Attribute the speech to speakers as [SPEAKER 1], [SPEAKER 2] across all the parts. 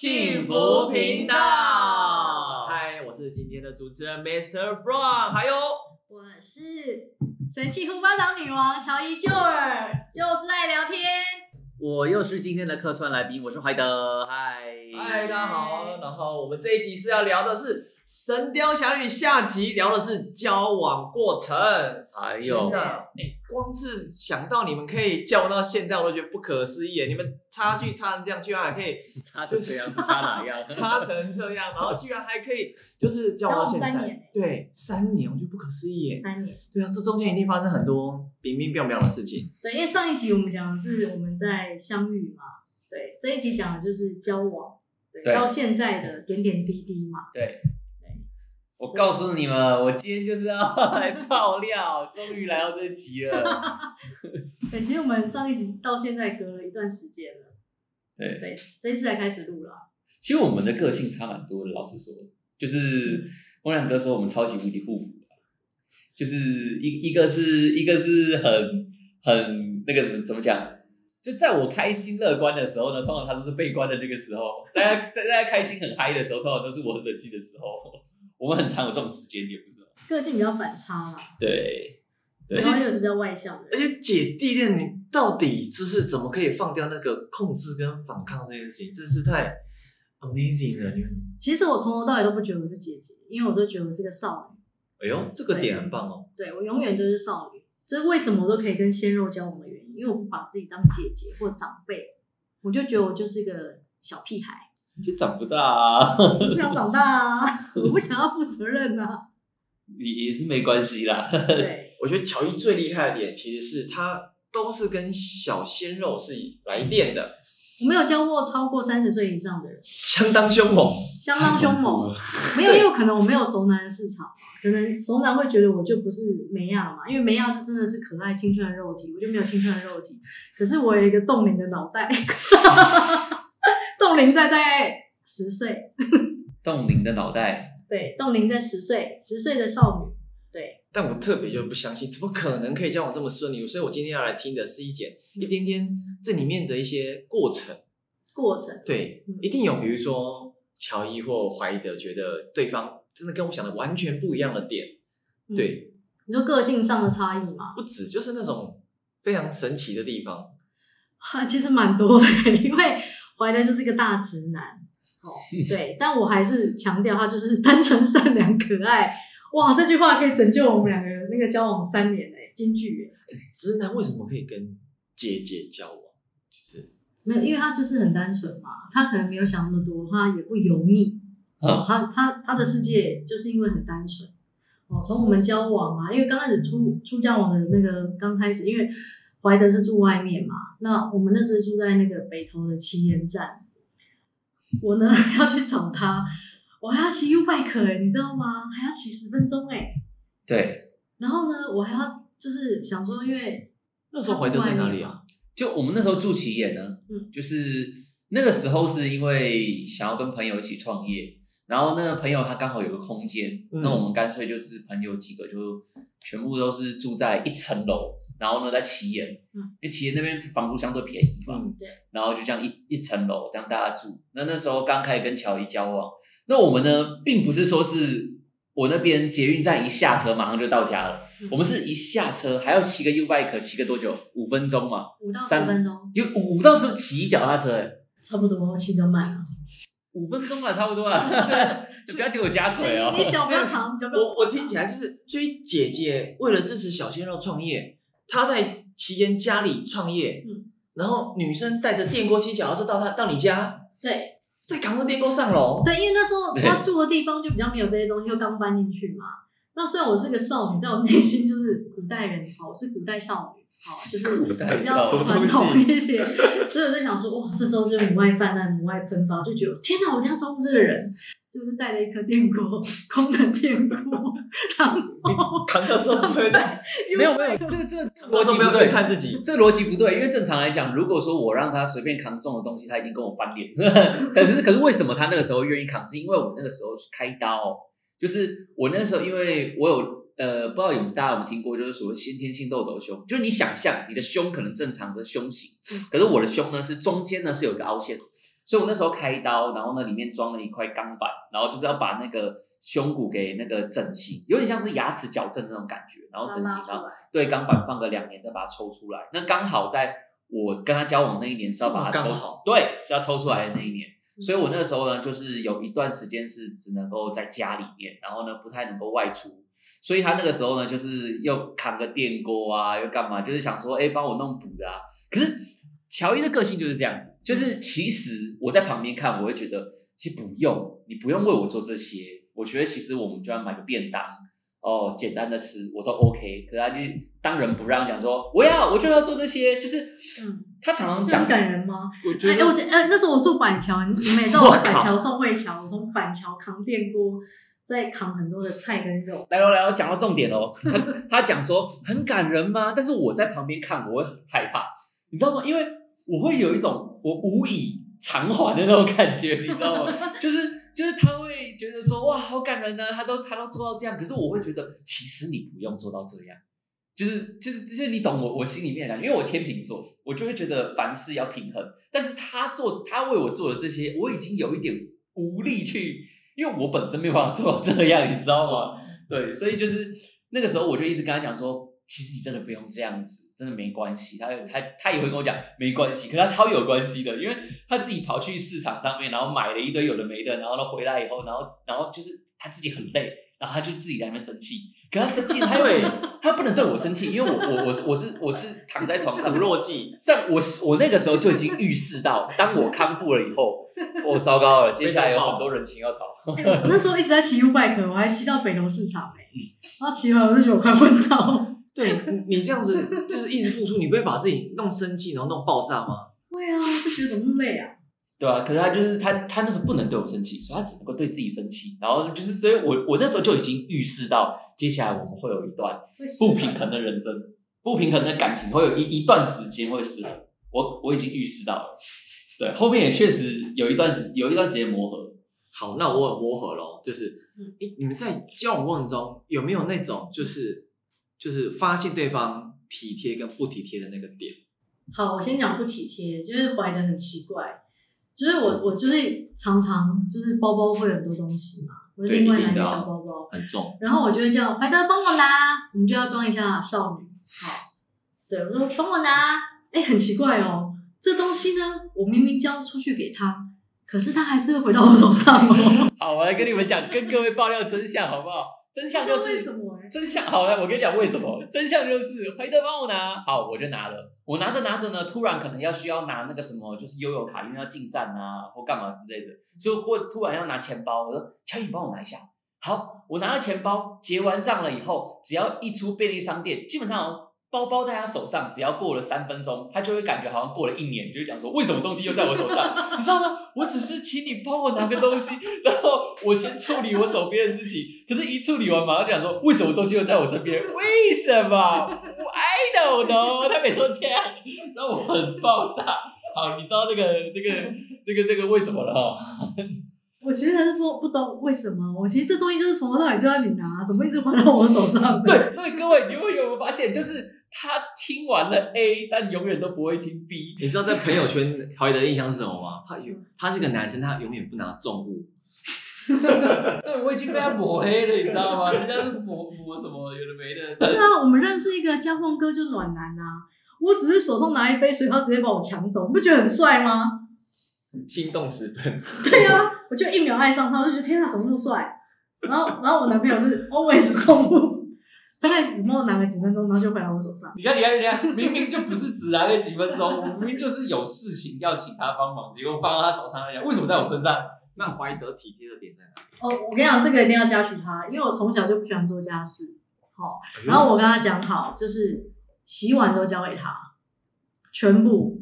[SPEAKER 1] 幸福頻道，嗨，我是今天的主持人 Mr. Brown，還有
[SPEAKER 2] 我是神氣呼巴掌女王喬怡 Joer。就是愛聊天，
[SPEAKER 1] 我又是今天的客串來賓，我是懷德。嗨，嗨，大家好，然後我們這一集是要聊的是《神鵰俠侶》下集，聊的是交往過程，還有真、欸光是想到你們可以交往到現在，我都覺得不可思議。你們差距差成這樣，居然還可以差成這樣，差哪樣？差成這樣，然後居然還可以，就是交往到現在三年。對，三年，我覺得不可思議。三年，對啊，這中間一定發生很多明明變不了的事情。
[SPEAKER 2] 對，因為上一集我們講的是我們在相遇嘛，對，這一集講的就是交往對，對，到現在的點點滴滴嘛，
[SPEAKER 1] 對。我告訴你們，我今天就是要來爆料，終於來到這一集了。哎、 欸，其實我們上一集到現在隔了一段時間
[SPEAKER 2] 了。對對，這一次才開始錄
[SPEAKER 1] 了、啊。其實我們的個性差蠻多的，老實說，就是汪亮哥說我們超級無敵互補，就是一一個是一個是很很那個什麼怎麼講？就在我開心樂觀的時候呢，通常他都是悲觀的那個時候；大家在大家開心很嗨的時候，通常都是我很冷靜的時候。我們很常有這種時間點，不是
[SPEAKER 2] 個性比較反差嘛？
[SPEAKER 1] 對，而且這個是
[SPEAKER 2] 比較外向
[SPEAKER 1] 的而？而且姐弟戀，你到底就是怎麼可以放掉那個控制跟反抗這件事情？真是太 amazing 了、嗯！
[SPEAKER 2] 其實我從頭到尾都不覺得我是姐姐，因為我都覺得我是個少女。
[SPEAKER 1] 哎呦，這個點很棒哦！對，
[SPEAKER 2] 對我永遠都是少女，這，嗯就是為什麼我都可以跟鮮肉交往的原因，因為我不把自己當姐姐或長輩，我就覺得我就是一個小屁孩。
[SPEAKER 1] 就長不大啊！我不想
[SPEAKER 2] 長大啊！ 我不想要負責任啊，
[SPEAKER 1] 也也是沒關係啦。對，我覺得喬怡最厲害的點，其實是他都是跟小鮮肉是來電的。嗯、
[SPEAKER 2] 我沒有交過超過三十歲以上的人，
[SPEAKER 1] 相當兇猛，
[SPEAKER 2] 相當兇猛。沒有，因為可能我沒有熟男的市場嘛。可能熟男會覺得我就不是梅亞嘛，因為梅亞是真的是可愛青
[SPEAKER 1] 春的肉體，我
[SPEAKER 2] 就沒有青春的肉體。可是我有一個凍齡的腦袋。啊 凍齡在在十歲，
[SPEAKER 1] 凍 齡的腦袋
[SPEAKER 2] 對，凍齡在十歲，十歲的少女
[SPEAKER 1] 對。但我特別就不相信，怎麼可能可以交往這麼順利？所以我今天要來聽的是一點、嗯、一點點這裡面的一些過程，
[SPEAKER 2] 過程對，
[SPEAKER 1] 一定有，嗯、比如說喬怡或懷德覺得對方真的跟我想的完全不一樣的點，嗯、對，
[SPEAKER 2] 你說個性上的差異嗎？
[SPEAKER 1] 不止，就是那種非常神奇的地方，
[SPEAKER 2] 其實蠻多的，因為。懷德就是一個大直男哦，對，但我還是強調他就是單純、善良、可愛。哇，這句話可以拯救我們兩個那個交往三年嘞，欸，金句
[SPEAKER 1] 直男，為什麼可以跟姐姐交往？就
[SPEAKER 2] 是沒有，因為他就是很單純嘛，他可能沒有想那麼多，他也不油膩。
[SPEAKER 1] 哦，啊，
[SPEAKER 2] 他他他的世界就是因為很單純哦。從我們交往嘛，啊，因為剛開始初初交往的那個剛開始，因為。懷德是住外面嘛？那我們那時候住在那個北投的奇岩站。我呢要去找他，我還要騎 Ubike 哎、欸，你知道嗎？還要騎十分鐘哎、欸。對。然後呢，我還要就是想說，因為那
[SPEAKER 1] 時候懷德在哪裡啊？就我們那時候住奇岩呢，嗯，就是那個時候是因為想要跟朋友一起創業。然後那個朋友他剛好有個空間、嗯,那我們乾脆就是朋友幾個就全部都是住在一層樓，然後呢在奇岩，嗯,因為奇岩那邊房租相對便宜嘛、嗯,對。然後就這樣一一層樓這樣大家住。那那時候剛開始跟喬怡交往，那我們呢並不是說是我那邊捷運站一下車馬上就到家了，嗯、我們是一下車還要騎個 U bike，騎個多久？五分鐘嘛，五到三分鐘。有五,五到是騎腳踏車、欸、差不
[SPEAKER 2] 多，我騎得慢啊。
[SPEAKER 1] 五 分鐘了，差不多了。不要給我加水哦！你腳不要長，腳、 就是、不要長。我我，我聽起來就是，所以姐姐為了支持小鮮肉創業、嗯，她在齊間家裡創業、嗯。然後女生帶着電鍋機只要是到她、嗯、到你家，對，再扛着電鍋上樓。對，
[SPEAKER 2] 因為那時候她住的地方就比較沒有這些東西，又剛搬進去嘛。那雖然我是個少女，但我內心就是古代人好，我是古代少女
[SPEAKER 1] 好，就是比較傳統一點，古代少
[SPEAKER 2] 所以我在想說，哇，這時候就是母愛氾濫，母愛噴發，就覺得天哪、啊，我一定要照顧這個人，就是帶了一顆電鍋，空的電鍋，扛
[SPEAKER 1] 扛的說沒
[SPEAKER 2] 沒有沒有，這這邏輯不對，看
[SPEAKER 1] 自己，這個邏輯不對，因為正常來講，如果說我讓他隨便扛重的東西，他一定跟我翻臉，是可是可是為什麼他那個時候願意扛，是因為我們那個時候開刀。就是我那時候，因為我有呃，不知道有,有大家有沒有聽過，就是所謂先天性痘痘胸，就是你想象你的胸可能正常的胸型，可是我的胸呢是中間呢是有一個凹陷，所以我那時候開刀，然後呢裡面裝了一塊鋼板，然後就是要把那個胸骨給那個整形，有點像是牙齒矯正那種感覺，然後整形，然後對鋼板放個兩年再把它抽出來，那剛好在我跟他交往那一年是要把它、嗯、剛好抽好，對是要抽出來的那一年。所以我那個時候呢，就是有一段時間是只能夠在家裡面，然後呢不太能夠外出。所以他那個時候呢，就是又扛個電鍋啊，又幹嘛，就是想說，哎，幫我弄補的啊。可是喬怡的個性就是這樣子，就是其實我在旁邊看，我會覺得，其實不用，你不用為我做這些。我覺得其實我們就要買個便當。哦，簡單的吃我都 OK，可是他就當仁不讓，講說我要我就要做這些，就是嗯，他常常講很感人嗎？我覺得，哎、欸欸，那時候我
[SPEAKER 2] 住板橋，你每次我板橋送惠橋，從板橋扛電鍋，再扛很多的菜跟
[SPEAKER 1] 肉，來了來了，講到重點嘍，他他講說很感人嗎？但是我在旁邊看，我會很害怕，你知道嗎？因為我會有一種我無以償還的那種感覺， 你知道嗎？就是。就是他會覺得說，哇好感人吶、啊，他都他都做到這樣，可是我會覺得其實你不用做到這樣，就是就是就是你懂我我心裡面的，因為我天秤座，我就會覺得凡事要平衡。但是他做他為我做的這些，我已經有一點無力去，因為我本身沒有辦法做到這樣，你知道嗎？對，所以就是那個時候我就一直跟他講說。其實你真的不用這樣子，真的沒關係。他有他他也會跟我講沒關係，可他超有關係的，因為他自己跑去市場上面，然後買了一堆有的沒的，然後他回來以後，然後然後就是他自己很累，然後他就自己在那邊生氣。可他生氣，他又他不能對我生氣，因為我我我是我是，我是躺在床上很弱。但我我那個時候就已經預示到，當我康復了以後，我、哦、糟糕了，接下來有很多人情要搞、 欸、那
[SPEAKER 2] 時候一直在騎 U bike，我還騎到北農市場哎，欸，然後騎完我就覺得我
[SPEAKER 1] 快昏倒。 對，你這樣子就是一直付出， 你不會把自己弄生氣，然後弄爆炸嗎？對
[SPEAKER 2] 啊，就覺得怎麼那麼累啊？
[SPEAKER 1] 對啊，可是他就是他，他那時候不能對我生氣，所以他只能夠對自己生氣，然後就是，所以我我那時候就已經預示到，接下來我們會有一段不平衡的人生， 不平衡的人生，不平衡的感情，會有一一段時間會死，我我已經預示到了。對，後面也確實有一段時有一段時間磨合。好，那我磨合咯，就是，你、嗯、你們在交往過程中有沒有那種就是？嗯就是發現對方體貼跟不體貼的那個點。
[SPEAKER 2] 好，我先講不體貼，就是懷德很奇怪，就是我、嗯、我就是常常就是包包會有很多東西嘛、嗯，我就另外兩個小包包、嗯、
[SPEAKER 1] 很重，然後
[SPEAKER 2] 我就會叫懷德、嗯、幫我拿，我們就要裝一下少女。好， 對，我說幫我拿，哎、欸，很奇怪哦，這東西呢，我明明交出去給他，
[SPEAKER 1] 可是他還是會回到我手上。 好，我來跟你們講， 跟各位爆料真相，好不好？真相就是，為什麼？欸、真相好了，我跟你講為什麼。 真相就是，回頭幫我拿，好，我就拿了。我拿着拿着呢，突然可能要需要拿那個什麼，就是悠遊卡，因為要進站啊，或幹嘛之類的，所以或突然要拿錢包，我說喬怡幫我拿一下。好，我拿了錢包，結完賬了以後，只要一出便利商店，基本上、哦、包包在他手上，只要過了三分鐘，他就會感覺好像過了一年，就會講說，為什麼東西又在我手上， 你知道嗎？我只是請你幫我拿個東西，然後我先處理我手邊的事情。可是，一處理完馬上就講說：“為什麼東西會在我身邊？為什麼？” I don't know，他沒說這樣，讓我很爆炸。好，你知道那個、那個、那個、那個為什麼了哈？
[SPEAKER 2] 我其實還是不不懂為什麼。我其實這東西就是從頭到尾就
[SPEAKER 1] 讓你拿，怎麼一直換到我手上？對，所以各位，你們有，有沒有發現，就是。他聽完了 A，但永遠都不會聽 B。你知道在朋友圈他的 印象是什麼嗎？他有，他是一個男生，他永遠不拿重物。 對，我已經被他抹黑了，你知道嗎？人家是抹抹什麼有的沒
[SPEAKER 2] 的。不是啊，我們認識一個江峰哥就暖男啊。我只是手上拿一杯水，他直接把我搶走，你不覺得很帥嗎？
[SPEAKER 1] 心動十分。
[SPEAKER 2] 對啊，我就一秒愛上他，我就覺得天哪、啊，怎麼這麼帥？然後，然後我男朋友是 always 重物。本來子墨拿了幾分鐘，然後就回到我手上。你
[SPEAKER 1] 看，你看，你看，明明就不是只拿了幾分鐘，我 明明就是有事情要請他幫忙，結果放到他手上一樣。為什麼在我身上？那懷德體貼的點在哪？
[SPEAKER 2] 哦，我跟你講，這個一定要嘉許他，因為我從小就不喜歡做家事。好、哦哎，然後我跟他講好，就是洗碗都交給他，
[SPEAKER 1] 全部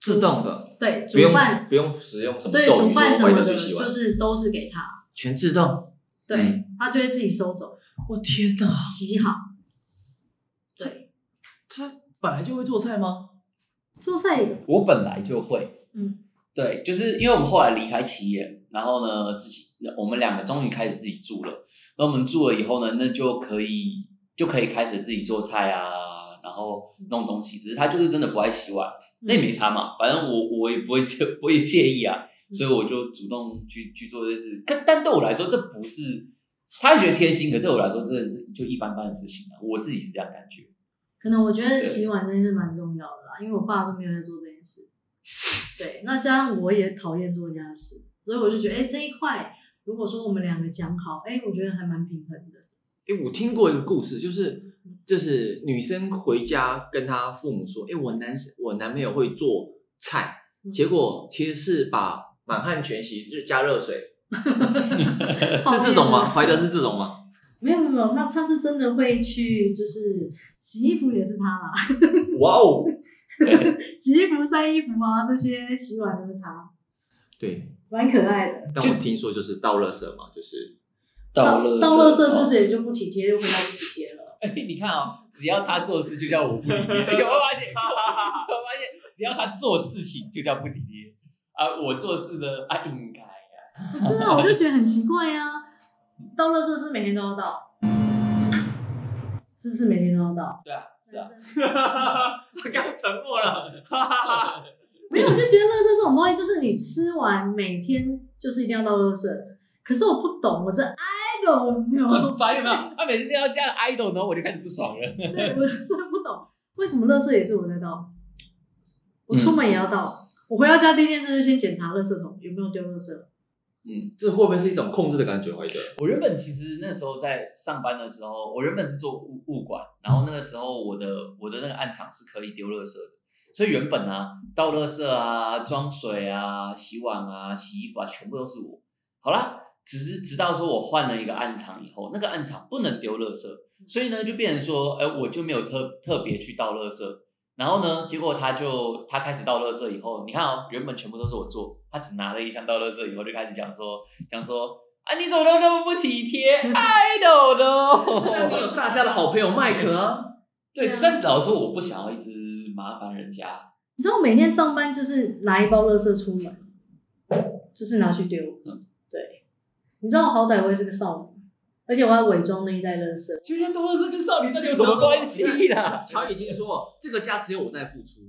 [SPEAKER 1] 自動的。對，煮飯不用使用什麼，對，煮飯什麼的，就是
[SPEAKER 2] 都是給他，
[SPEAKER 1] 全自動。
[SPEAKER 2] 對，他就會自己收走。我天哪！洗好。
[SPEAKER 1] 對。他本來就會做菜嗎？做菜。我本來就會。嗯。對，就是因為我們後來離開企業，然後呢，自己我們兩個終於開始自己住了。那我們住了以後呢，那就可以、嗯、就可以開始自己做菜啊，然後弄東西。只是他就是真的不愛洗碗，那、嗯、也沒差嘛。反正我我也不會介不會介意啊，所以我就主動去、嗯、去做這事。但對我來說，這不是。他就覺得貼心，可對我來說真的是就一般般的事情了、啊、我自己是這樣的感覺。
[SPEAKER 2] 可能我覺得洗碗真的是蠻重要的啦，因為我爸都沒有在做這件事。
[SPEAKER 1] 對，
[SPEAKER 2] 那加上我也討厭做家事，所以我就覺得，哎、欸，這一塊如果說我們兩個講好，哎、欸，我覺得還蠻平衡的。
[SPEAKER 1] 哎、欸，我聽過一個故事，就是就是女生回家跟她父母說，哎、欸，我男生我男朋友會做菜、嗯，結果其實是把滿漢全席就是加熱水。 是這種嗎？懷、oh, 的是這種嗎？
[SPEAKER 2] 沒有沒有，那他是真的會去，就是洗衣服也是他啦。
[SPEAKER 1] 哇哦，
[SPEAKER 2] 洗衣服、曬衣服啊，這些洗碗都是他。
[SPEAKER 1] 對，蠻可愛的。但我聽說就是倒垃圾嘛，就是倒倒倒垃圾這點就不體貼，又回到不體貼了。哎、 欸，你看哦，只要他做事就叫我不體貼，有沒有發現？我發現、啊啊啊啊、我發現只要他做事情就叫不體貼啊，我做事呢啊應該。不、啊、是啊，我就
[SPEAKER 2] 覺得很奇怪呀、啊。倒垃圾是每天都要倒，是不是每天都要倒？對啊，是啊，是,
[SPEAKER 1] 是剛沉默了。 沒有，我
[SPEAKER 2] 就覺得垃圾這種東西，就是你吃完每天就是一定要倒垃圾。可是我不懂，我是 idol，
[SPEAKER 1] 你懂嗎？煩有沒有？他每次都要加 idol，然後我就開始不爽了。 對，我真的
[SPEAKER 2] 不懂，為什麼垃圾也是我在倒？我出門也要倒，嗯、我回到家第一件事就先檢查垃圾桶有沒有丟垃圾了。嗯，
[SPEAKER 1] 這會不會是一種控制的感覺？我覺得。我原本其實那時候在上班的時候，我原本是做物物管，然後那個時候我的我的那個暗場是可以丟垃圾的，所以原本啊倒垃圾啊、裝水啊、洗碗啊、洗衣服啊，全部都是我。好啦，只是直到說我換了一個暗場以後，那個暗場不能丟垃圾，所以呢就變成說，哎、呃，我就沒有特特別去倒垃圾。然後呢，結果他就他開始倒垃圾以後，你看哦，原本全部都是我做。他只拿了一箱倒垃圾，以後就開始講說，講說啊，你怎麼都那麼不體貼，I don't know？ 但你有大家的好朋友麥克、啊。對，對、啊，但老實說，我不想要一直麻煩人家。
[SPEAKER 2] 你知道，我每天上班就是拿一包垃圾出門，
[SPEAKER 1] 就是拿去丟、嗯。對，
[SPEAKER 2] 你知道，我好歹我也是個少女，
[SPEAKER 1] 而且我還偽
[SPEAKER 2] 裝那一袋垃圾。其實
[SPEAKER 1] 倒垃圾跟少女到底有什麼關係啦？喬已經說，這個家只有我在付出。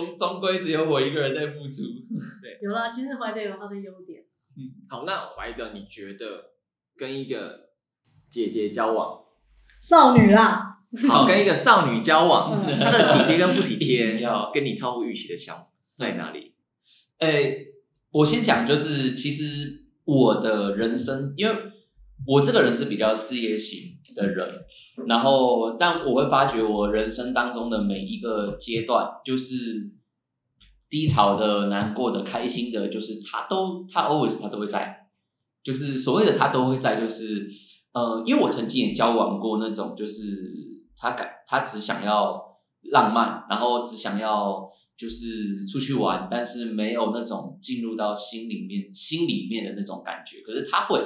[SPEAKER 1] 終終歸只有我一個人在付出，對，
[SPEAKER 2] 有了。其實懷德有他的優點，
[SPEAKER 1] 嗯，好，那懷德你覺得跟一個姐姐交往，
[SPEAKER 2] 少女啦，
[SPEAKER 1] 好， 跟一個少女交往，嗯、她的體貼跟不體貼，要 跟你超乎預期的想法 在哪裡？誒、欸，我先講，就是其實我的人生，因為。我這個人是比較事業型的人，然後但我會發覺我人生當中的每一個階段，就是低潮的、難過的、開心的，就是他都他 always 他都會在，就是所謂的他都會在，就是呃，因為我曾經也交往過那種，就是他感他只想要浪漫，然後只想要就是出去玩，但是沒有那種進入到心裡面心裡面的那種感覺，可是他會。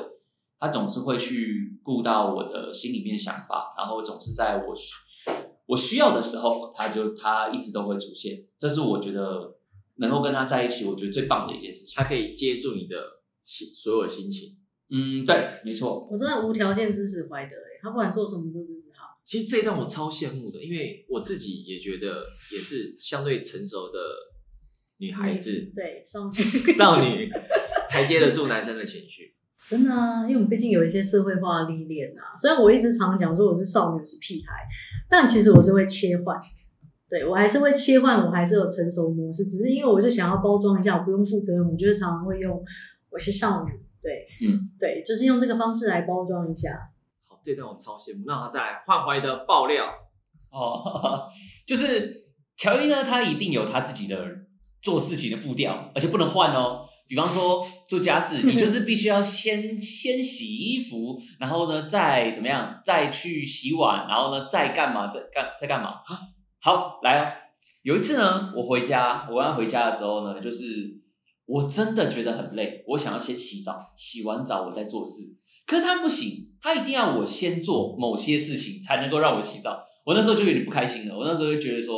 [SPEAKER 1] 他總是會去顧到我的心裡面想法，然後總是在我我需要的時候，他就他一直都會出現。這是我覺得能夠跟他在一起，我覺得最棒的一件事情。他可以接住你的心，所有的心情。嗯，對，沒錯。
[SPEAKER 2] 我真的無條件支持懷德欸，他不管做什麼都支持好。
[SPEAKER 1] 其實這一段我超羨慕的，因為我自己也覺得也是相對成熟的女孩子，嗯，對，少女 少女才接得住男生的情緒。
[SPEAKER 2] 真的、啊，因為我們畢竟有一些社會化歷練啊。雖然我一直常常講說我是少女，是屁孩，但其實我是會切換。對，我還是會切換，我還是有成熟模式，只是因為我就想要包裝一下，我不用負責任，我就是常常會用我是少女。對，嗯，對，就是用這個方式來包裝一下、嗯。
[SPEAKER 1] 好，這段我超羨慕。那他再來，換懷的爆料哦，就是喬怡呢，他一定有他自己的做事情的步調，而且不能換哦。比方說做家事，你就是必須要先先洗衣服，然後呢再怎麼樣，再去洗碗，然後呢再幹嘛？再幹再幹嘛？啊，好來哦。有一次呢，我回家，我剛回家的時候呢，就是我真的覺得很累，我想要先洗澡，洗完澡我再做事。可是他不行，他一定要我先做某些事情才能夠讓我洗澡。我那時候就有點不開心了，我那時候就覺得說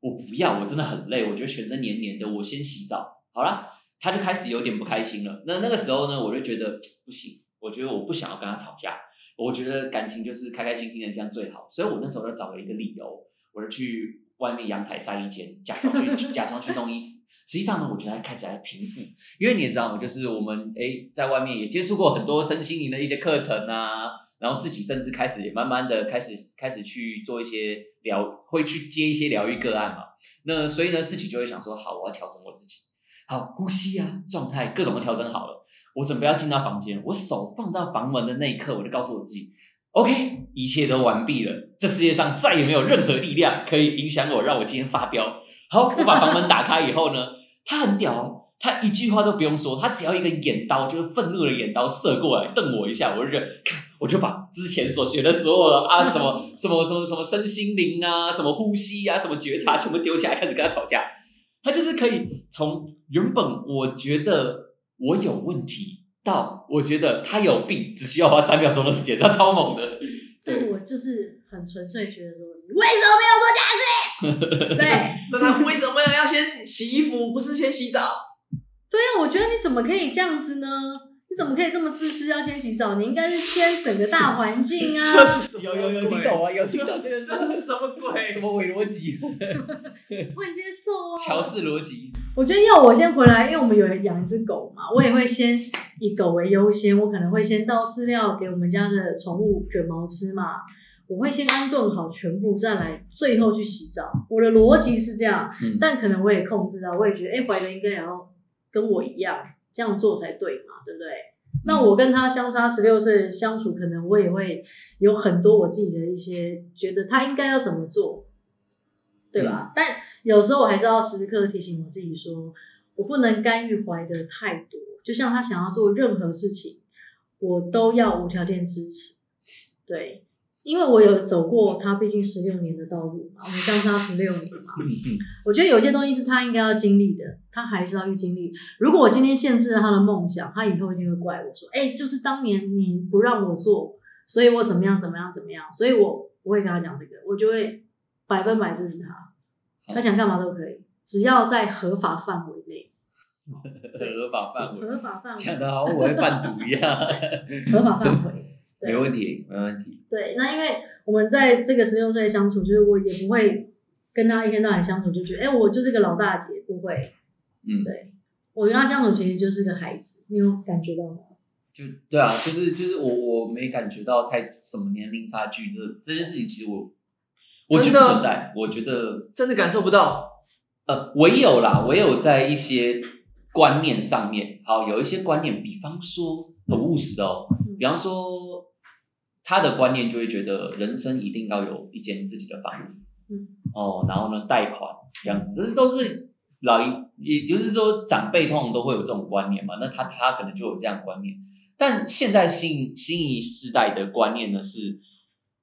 [SPEAKER 1] 我不要，我真的很累，我覺得全身黏黏的，我先洗澡好啦。他就開始有點不開心了。那那個時候呢，我就覺得不行，我覺得我不想要跟他吵架，我覺得感情就是開開心心的這樣最好。所以，我那時候就找了一個理由，我就去外面陽台上衣間，假裝去假裝去弄衣服。實際上呢，我覺得他開始還平復，因為你也知道，就是我們哎、欸，在外面也接觸過很多身心靈的一些課程啊，然後自己甚至開始也慢慢的開始開始去做一些療，會去接一些療癒個案嘛、啊。那所以呢，自己就會想說，好，我要調整我自己。好，呼吸啊，狀態各種都調整好了。我準備要進到房間，我手放到房門的那一刻，我就告訴我自己，OK，一切都完畢了。這世界上再也沒有任何力量可以影響我，讓我今天發飆。好，我把房門打開以後呢，他很屌哦，他一句話都不用說，他只要一個眼刀，就是憤怒的眼刀射過來瞪我一下，我就認看，我就把之前所學的所有的啊，什麼什麼什麼什麼身心靈啊，什麼呼吸啊，什麼覺察，全部丟下來，開始跟他吵架。他就是可以從原本我覺得我有問題到我覺得他有病，只需要花三秒鐘的時間，他超猛的。
[SPEAKER 2] 對，對我就是很純粹覺得說，為什麼沒有做家事？ 對。 那他為什麼要先洗衣服？不是先洗澡？對呀，我覺得你怎麼可以這樣子呢？你怎麼可以這麼自私，要先洗澡？你應該是先整個大環境啊！ 有有有聽懂啊？
[SPEAKER 1] 有聽懂這個？ 這是什麼鬼？什 麼偽邏輯？很 接受哦、啊。喬式邏輯。
[SPEAKER 2] 我覺得要我先回來，因為我們有人養一隻狗嘛，我也會先以狗為優先，我可能會先倒飼料給我們家的寵物卷毛吃嘛，我會先安頓好，全部再來最後去洗澡。我的邏輯是這樣、嗯，但可能我也控制到，我也覺得，哎、欸，懷仁應該也要跟我一樣。這樣做才對嘛，對不對？那我跟他相差十六歲，相處可能我也會有很多我自己的一些覺得他應該要怎麼做，對
[SPEAKER 1] 吧？對吧，
[SPEAKER 2] 但有時候我還是要時時刻刻提醒我自己說，說我不能干預懷的太多。就像他想要做任何事情，我都要無條件支持，對。因為我有走過他畢竟十六年的道路嘛，我們相差十六年嘛，我覺得有些東西是他應該要經歷的，他還是要去經歷。如果我今天限制了他的夢想，他以後一定會怪我說，哎，就是當年你不讓我做，所以我怎麼樣怎麼樣怎麼樣，所以我不會跟他講這個，我就會百分百支持他，
[SPEAKER 1] 他想幹嘛都
[SPEAKER 2] 可以，只要在合法範圍內。合法範圍，
[SPEAKER 1] 合法範圍，講的好像我會販毒一樣， 合法範圍。沒問題，沒問題。
[SPEAKER 2] 對，那因為我們在這個十六歲相處，就是我也不會跟他一天到晚相處，就覺得哎、欸，我就是個老大姐，不會。
[SPEAKER 1] 嗯，
[SPEAKER 2] 對我跟他相處，其實就是個孩子。你有感覺到嗎？
[SPEAKER 1] 就對啊，就是就是我我沒感覺到太什麼年齡差距，這這件事情其實我，我覺得不存在。我覺得真的感受不到。呃，唯有啦，唯有在一些觀念上面，好、哦、有一些觀念，比方說很務實哦，比方說。嗯他的觀念就會覺得人生一定要有一間自己的房子。嗯，哦，然後呢，貸款這樣子，這是都是老一，也就是說長輩通常都會有這種觀念嘛。那他他可能就有這樣的觀念，但現在新新一世代的觀念呢是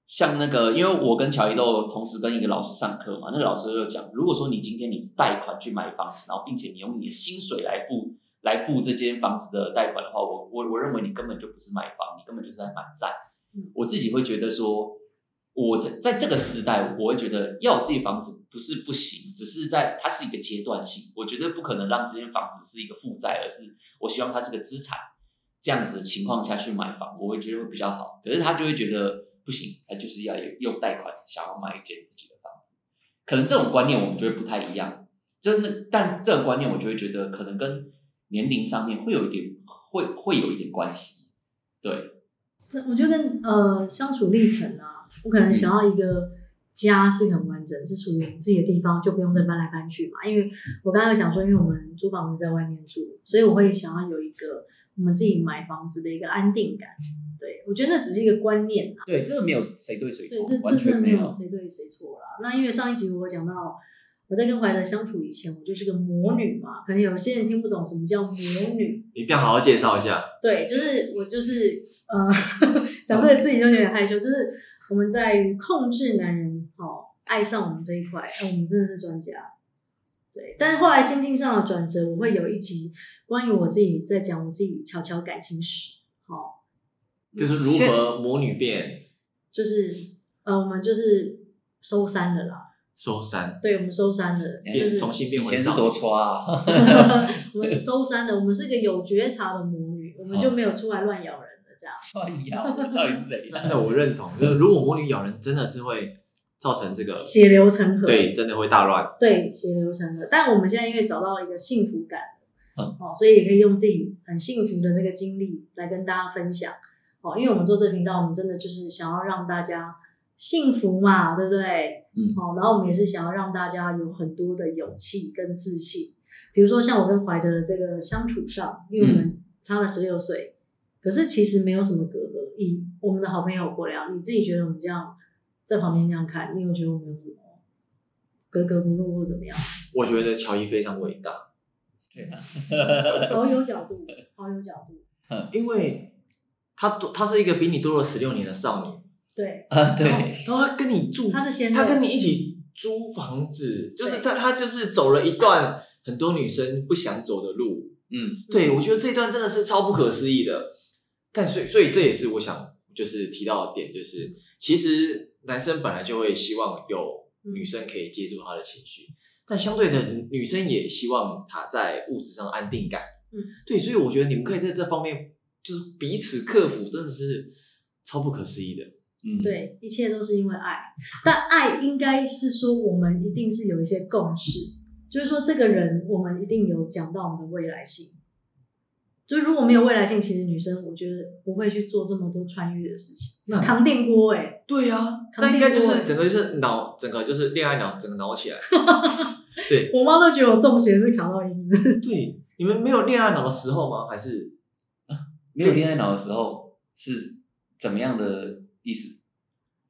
[SPEAKER 1] 像那個，因為我跟喬怡都同時跟一個老師上課嘛，那個老師就講，如果說你今天你是貸款去買房子，然後並且你用你的薪水來付來付這間房子的貸款的話，我我我認為你根本就不是買房，你根本就是在買債。我自己會覺得說，我在在這個時代，我會覺得要自己房子不是不行，只是在它是一個階段性。我覺得不可能讓這間房子是一個負債，而是我希望它是個資產。這樣子的情況下去買房，我會覺得會比較好。可是他就會覺得不行，他就是要用貸款想要買一間自己的房子。可能這種觀念我們就會不太一樣。真的，但這種觀念我就會覺得可能跟年齡上面會有一點，會會有一點關係。對。
[SPEAKER 2] 這我覺得跟呃相處歷程啊，我可能想要一個家是很完整，是屬於我們自己的地方，就不用再搬來搬去嘛。因為我剛才有講說，因為我們租房子在外面住，所以我會想要有一個我們自己買房子的一個安定感。對，我覺得那只是一個觀念啊。對，這個沒有
[SPEAKER 1] 誰對誰錯，對，這個真的沒有誰對誰錯，
[SPEAKER 2] 完全沒有誰對誰錯啦。那因為上一集我講到，我在跟懷德相處以前，我就是個魔女嘛，可能有些人聽不懂什麼叫魔女。
[SPEAKER 1] 一定要好好介紹一下。
[SPEAKER 2] 對，就是我就是呃，講這個自己都有點害羞。Okay. 就是我們在於控制男人哈、哦，愛上我們這一塊、啊，我們真的是專家。對，但是後來心境上的轉折，我會有一集關於我自己在講我自己悄悄感情史。好、
[SPEAKER 1] 哦，就是如何魔女變。
[SPEAKER 2] 就是呃，我們就是收山的啦。
[SPEAKER 1] 收山，對我們收山的，也是以前是多穿啊。 我們
[SPEAKER 2] 收山的，我們是一個有覺察的魔女，我們就沒有出來亂咬人的這樣。亂
[SPEAKER 1] 咬到底是真的，我認同。就是如果魔女咬人，真的是會造成這個血流成河。對，真的會大亂。
[SPEAKER 2] 對，血流成河。但我們現在因為找到一個幸福感，好、嗯哦，所以也可以用自己很幸福的這個經歷來跟大家分享。好、哦，因為我們做這個頻道，我們真的就是想要讓大家。幸福嘛，對不對？嗯，好、哦。然後我們也是想要讓大家有很多的勇氣跟自信。比如說，像我跟懷德的這個相處上，因為我們差了十六歲、嗯，可是其實沒有什麼隔閡。你，我們的好朋友國良，你自己覺得我們這樣在旁邊這樣看，你有覺得我們有什麼格格不入或怎麼樣？
[SPEAKER 1] 我覺得喬怡非常偉大，對好、啊 好有
[SPEAKER 2] 角度，好、哦、有角度。
[SPEAKER 1] 嗯，因為他多，他是一個比你多了十六年的少年。對啊，對，對，然，然後他跟你住，他是先，他跟你一起租房子，就是他他就是走了一段很多女生不想走的路，嗯，對，嗯、我覺得這一段真的是超不可思議的。嗯、但所以所以這也是我想就是提到的點，就是其實男生本來就會希望有女生可以接住他的情緒，嗯、但相對的、嗯、女生也希望他在物質上的安定感，嗯，對，所以我覺得你們可以在這方面就是彼此克服，真的是超不可思議的。
[SPEAKER 2] 嗯、對，一切都是因為愛，但愛應該是說我們一定是有一些共識，就是說這個人我們一定有講到我們的未來性，就是如果沒有未來性，其實女生我覺得不會去做這麼多穿越的事情。那扛電鍋哎、欸，對呀、啊，那應該就是
[SPEAKER 1] 整個就是腦，整個就是戀愛腦，整個腦起來。 對，
[SPEAKER 2] 我媽都覺得我中邪是卡到陰。子。對，
[SPEAKER 1] 你們沒有戀愛腦的時候嗎？還是、啊、沒有戀愛腦的時候是怎麼樣的？意思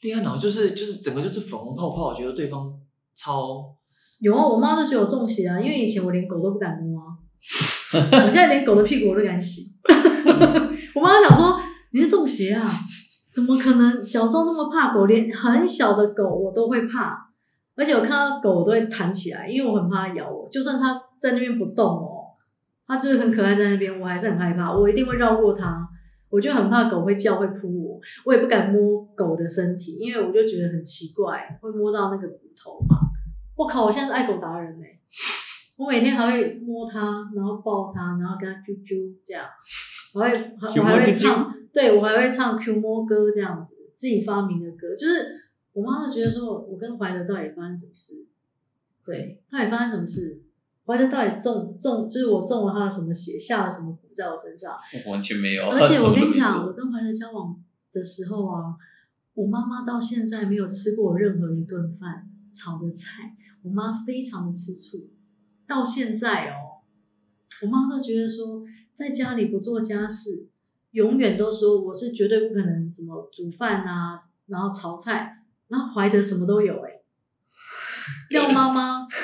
[SPEAKER 1] 戀愛腦就是就是整個就是粉紅泡泡，我覺得對方超
[SPEAKER 2] 有啊！我媽都覺得我中邪啊，因為以前我連狗都不敢摸、啊， 我現在連狗的屁股我都敢洗。 我媽想說，你是中邪啊？怎麼可能？小時候那麼怕狗，連很小的狗我都會怕，而且我看到狗我都會彈起來，因為我很怕它咬我。就算它在那邊不動哦、喔，它就是很可愛在那邊，我還是很害怕，我一定會繞過它。我就很怕狗會叫會撲我，我也不敢摸狗的身體，因為我就覺得很奇怪，會摸到那個骨頭嘛。我靠，我現在是愛狗達人哎、欸！我每天還會摸它，然後抱它，然後跟它啾啾這樣，還會我還會唱，對我還會唱 Q 摸歌這樣子，自己發明的歌。就是我媽都覺得說，我跟懷德到底發生什麼事？對，到底發生什麼事？懷德到底中中就是我中了他的什麼邪，下了什麼毒在我身上？我完全沒有。而且我跟你講，我跟懷德交往的時候啊，我媽媽到現在沒有吃過任何一頓飯炒的菜，我媽非常的吃醋。到現在哦，我媽，媽都覺得說在家裡不做家事，永遠都說我是絕對不可能什麼煮飯啊，然後炒菜，然後懷德什麼都有哎、欸，要媽媽。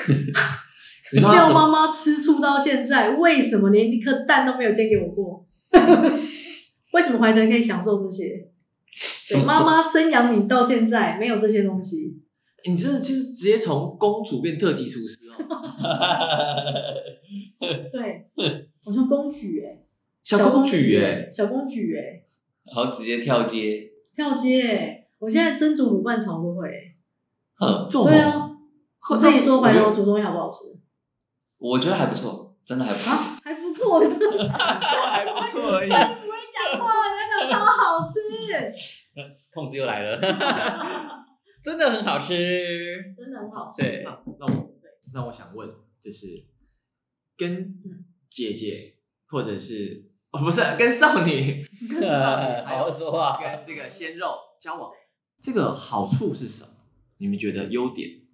[SPEAKER 2] 要媽媽吃醋到現在，什為什麼連一顆蛋都沒有煎給我過？ 為什麼懷德可以享受這些？媽媽生養你到現在沒有這些東西。
[SPEAKER 1] 欸、你這就是直接從公主變特級廚師哦。 對，
[SPEAKER 2] 好像公舉哎，小公舉哎，小公舉哎，然
[SPEAKER 1] 後直接跳街，
[SPEAKER 2] 跳街哎！我現在蒸煮滷拌炒都會。嗯，
[SPEAKER 1] 對啊，
[SPEAKER 2] 我自己說懷德，我煮東西好不好吃？
[SPEAKER 1] 我覺得還不錯，真的還不錯，啊，還不錯，說 還不錯而已，不會講
[SPEAKER 2] 話的那種，超好吃，
[SPEAKER 1] 控制又來了， 真的很好吃，真的很好吃，對，啊，那，我對那我想問，就是跟姐姐或者是不是跟少女，跟少女好好說話，跟這個鮮肉交往，這個好處是什麼？你們覺得優點？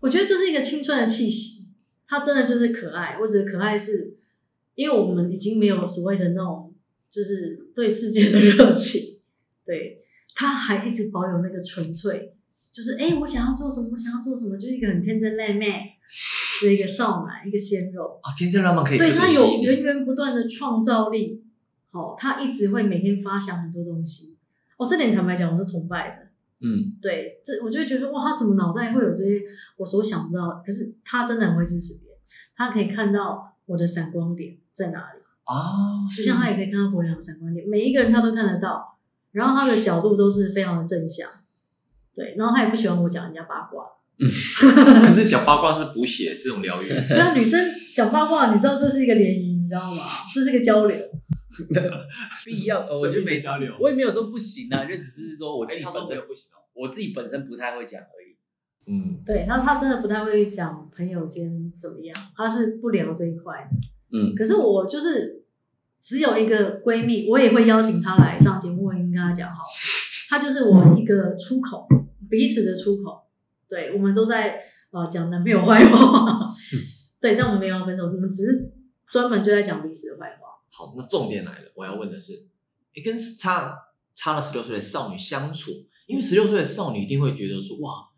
[SPEAKER 2] 我覺得這是一個青春的氣息。他真的就是可愛，或者可愛是因為我們已經沒有所謂的那種，就是對世界的熱情。對，他還一直保有那個純粹，就是哎、欸，我想要做什麼，我想要做什麼，就是一個很天真爛漫的一個少男，一個鮮肉
[SPEAKER 1] 啊，天真爛漫可以。對，他有
[SPEAKER 2] 源源不斷的創造力，好、哦，他一直會每天發想很多東西。哦，這點坦白講，我是崇拜的。嗯，對，這我就會覺得哇，他怎麼腦袋會有這些我所想不到的，可是他真的很會支持人，他可以看到我的閃光點在哪裡哦、啊，
[SPEAKER 1] 就像他也
[SPEAKER 2] 可以看到我的閃光點，每一個人他都看得到，然後他的角度都是非常的正向，對，然後他也不喜歡我講人家八卦，嗯，
[SPEAKER 1] 可是講八卦是補血， 這種療療癒，對啊，女
[SPEAKER 2] 生講八卦，你知道這是一個聯誼，你知道嗎？這是一個交流。
[SPEAKER 1] 沒必要，我就沒交流。我也沒有說不行啊，就只是說我自己本身，欸，不行哦、我自己本身不太會講而已。
[SPEAKER 2] 嗯，對，那他，他真的不太會講朋友間怎麼樣，他是不聊這一塊的。嗯，可是我就是只有一個閨蜜，我也會邀請她來上節目，跟她講好。她就是我一個出口，彼此的出口。對，我們都在呃講男朋友壞話、嗯，對，但我們沒有分手，我們只是專門就在講彼此的壞話。
[SPEAKER 1] 好，那重點來了，我要問的是，你跟差差了十六歲的少女相處，因為十六歲的少女一定會覺得說，哇，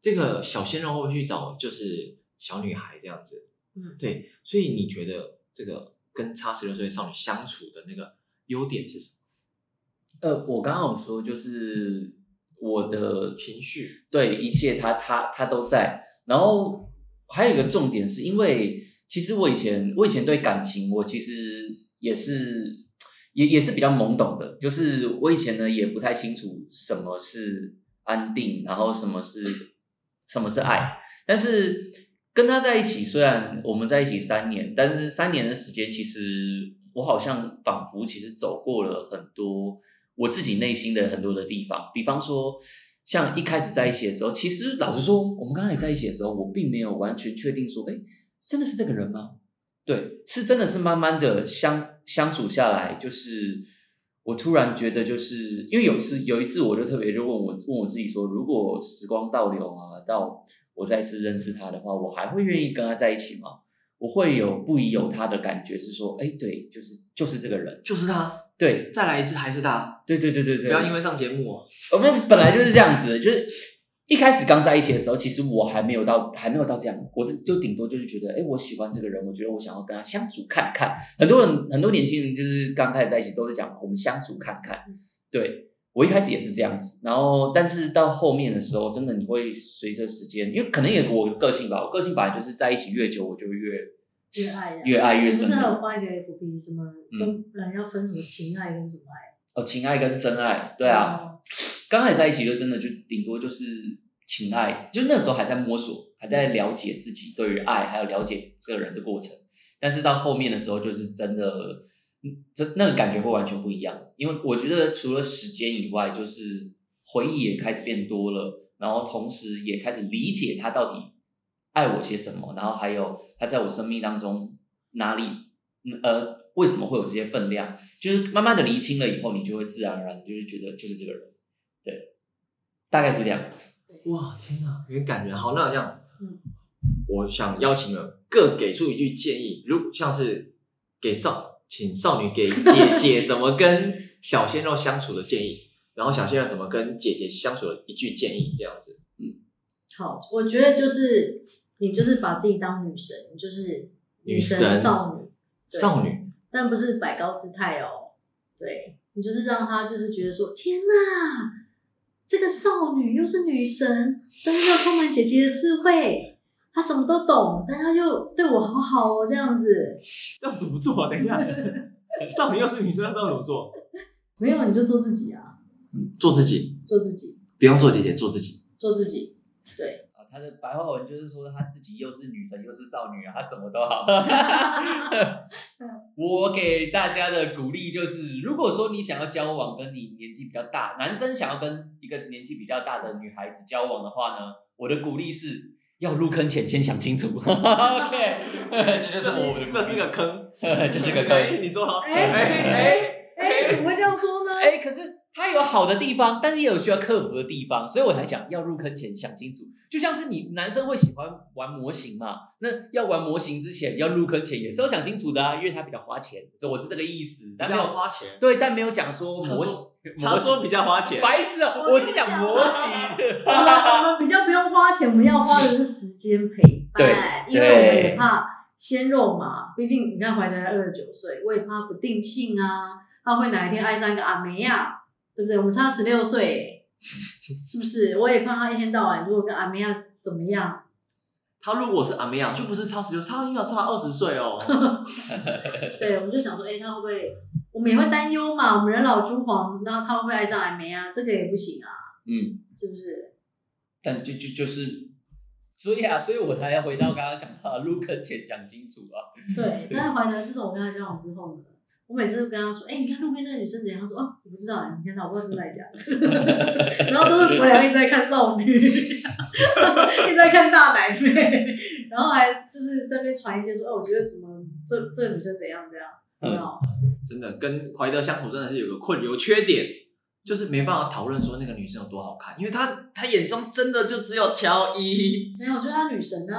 [SPEAKER 1] 這個小鮮肉會不會去找就是小女孩這樣子。嗯，對，所以你覺得這個跟差十六歲的少女相處的那個優點是什麼？呃，我剛剛有說，就是我的情緒，對，一切它它它都在。然後還有一個重點是，因為其實我以前我以前對感情，我其實。也是，也也是比較懵懂的。就是我以前呢，也不太清楚什麼是安定，然後什麼是什麼是愛。但是跟他在一起，雖然我們在一起三年，但是三年的時間，其實我好像仿佛其實走過了很多我自己內心的很多的地方。比方說，像一開始在一起的時候，其實老實說，我們剛才在一起的時候，我並沒有完全確定說，哎、欸，真的是這個人嗎？對，是真的是慢慢的相相處下來，就是我突然覺得，就是因為有一次，有一次我就特別就問我問我自己說，如果時光倒流啊，到我再次認識他的話，我還會願意跟他在一起嗎？我會有不疑有他的感覺，是說，哎，對，就是就是這個人，就是他，對，再來一次還是他，對對對對對，不要因為上節目啊，我、哦、我們本來就是這樣子，就是。一開始剛在一起的時候，其實我還沒有到，還沒有到這樣，我就頂多就是覺得，哎、欸，我喜歡這個人，我覺得我想要跟他相處看看。很多人，很多年輕人就是剛開始在一起都是講，我們相處看看。對，我一開始也是這樣子，然後，但是到後面的時候，真的你會隨着時間，因為可能也我個性吧，我個性本來就是在一起越久我就越越愛，越愛越深。不是還有
[SPEAKER 2] 發一個 FB 什麼分，要
[SPEAKER 1] 分什麼情愛跟什麼愛？哦，情愛跟真愛，對啊。剛開始在一起就真的就頂多就是。情愛就那時候還在摸索，還在了解自己對於愛，還有了解這個人的過程。但是到後面的時候，就是真的，嗯，這那個感覺會完全不一樣。因為我覺得除了時間以外，就是回憶也開始變多了，然後同時也開始理解他到底愛我些什麼，然後還有他在我生命當中哪裡，呃，為什麼會有這些分量，就是慢慢的釐清了以後，你就會自然而然就是覺得就是這個人，對，大概是這樣。哇，天哪，有感覺好。好，那這樣，我想邀請你們各給出一句建議。如像是給少請少女給姐姐怎麼跟小鮮肉相處的建議， 然後小鮮肉怎麼跟姐姐相處的一句建議，這樣子。
[SPEAKER 2] 嗯，好，我覺得就是你就是把自己當女神，就是女神少女，女神少女，但不是擺高姿態哦。對，你就是讓他就是覺得說，天哪。這個少女又是女神，但是又充滿姐姐的智慧，她，什麼都懂，但她又對我好好哦，
[SPEAKER 1] 這樣子，這樣怎麼做？等一下， 少女又是女生，怎麼做？沒有，你就做自己啊，嗯做自己，做自己，做自己，不用做姐姐，做自己，做自己，對。他的白話文就是說他自己又是女神又是少女啊，他什麼都好。 我給大家的鼓勵就是，如果說你想要交往跟你年紀比較大男生，想要跟一個年紀比較大的女孩子交往的話呢，我的鼓勵是要入坑前先想清楚。 OK，這就是我，這是個坑，這 是一個坑。欸、你說好？哎哎哎，怎麼會這樣說呢？哎、欸，可是。它有好的地方，但是也有需要克服的地方，所以我才講要入坑前想清楚。就像是你男生會喜歡玩模型嘛？那要玩模型之前，要入坑前也是要想清楚的啊，因為他比較花錢。所以我是這個意思，但沒有花錢，對，但沒有講說模型。我說比較花錢，白痴、啊！我是講模型，我， 我們
[SPEAKER 2] 比較不用花錢，我們要花的是時間陪伴，因為我也怕鮮肉嘛。畢竟你看懷德在二十九歲，我也怕不定性啊，他會哪一天愛上一個阿梅呀、啊？對不對？我們差十六歲，是不是？我也怕他一天到晚如果跟阿梅亞怎麼樣？
[SPEAKER 1] 他如果是阿梅啊，就不是差十六，差應該差二十歲哦。 對，我們
[SPEAKER 2] 就想說，哎、欸，他會不會？我們也會擔憂嘛。我們人老珠黃，然後他會不會愛上阿梅啊？這個也不行啊。嗯，是不是？
[SPEAKER 1] 但就就就是，所以啊，所以我才要回到剛剛講到，入坑前講清楚啊。對，但是懷南這從我跟他交往之後呢？我每次都跟他說：“哎、欸，你看路邊那個女生怎樣？”她說：“哦、啊，我不知道哎，你看老婆真在講。 ”然後都是
[SPEAKER 2] 國梁一直在看少女， 一直在看大奶妹，然後還就是這邊傳一些說：“哦、啊，我覺得什麼這這個女生怎樣怎
[SPEAKER 1] 樣。嗯”真的跟懷德相處真的是有個困，有缺點，就是沒辦法討論說，那個女生有多好看，因為他他眼中真的就只有喬怡。沒有，
[SPEAKER 2] 我覺得他女神呢。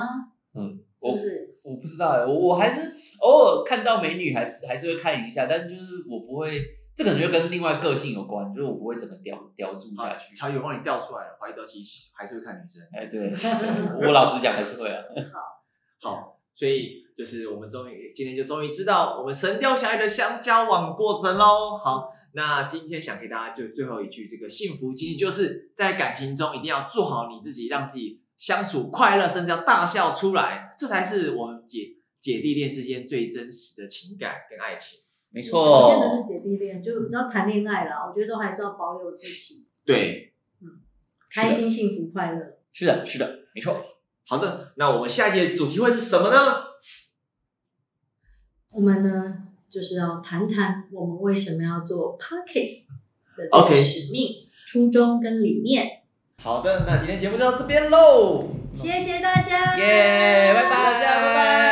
[SPEAKER 2] 嗯，
[SPEAKER 1] 是不是？我不知道哎，我還是。偶、oh, 爾看到美女還是還是會看一下，但就是我不會，這個、可能就跟另外個性有關，嗯、就是我不會怎麼釣釣住下去，茶餘幫你釣出來了，懷疑倒其實還是會看女生，哎、欸、對， 我老實講還是會啊。好，好，所以就是我們終於今天就終於知道我們神雕俠侶的相交往過程嘍。好，那今天想給大家就最後一句，這個幸福其實就是在感情中一定要做好你自己，讓自己相處快樂，甚至要大笑出來，這才是我們解。姐弟戀之間最真實的情感跟愛情，沒錯。真、嗯、的是
[SPEAKER 2] 姐弟戀，就只要知道談戀愛啦、嗯，我覺得都還是要保有自己。
[SPEAKER 1] 對，嗯，開心、
[SPEAKER 2] 幸福、快樂。
[SPEAKER 1] 是的，是的，沒錯。好的，那我們下一節主題會是什麼呢？
[SPEAKER 2] 我們呢，就是要談談我們為什麼要做 Podcast 的使命、okay、初衷跟理念。
[SPEAKER 1] 好的，那今天節
[SPEAKER 2] 目就到這邊嘍。謝謝大家，耶、yeah,，拜拜，拜拜。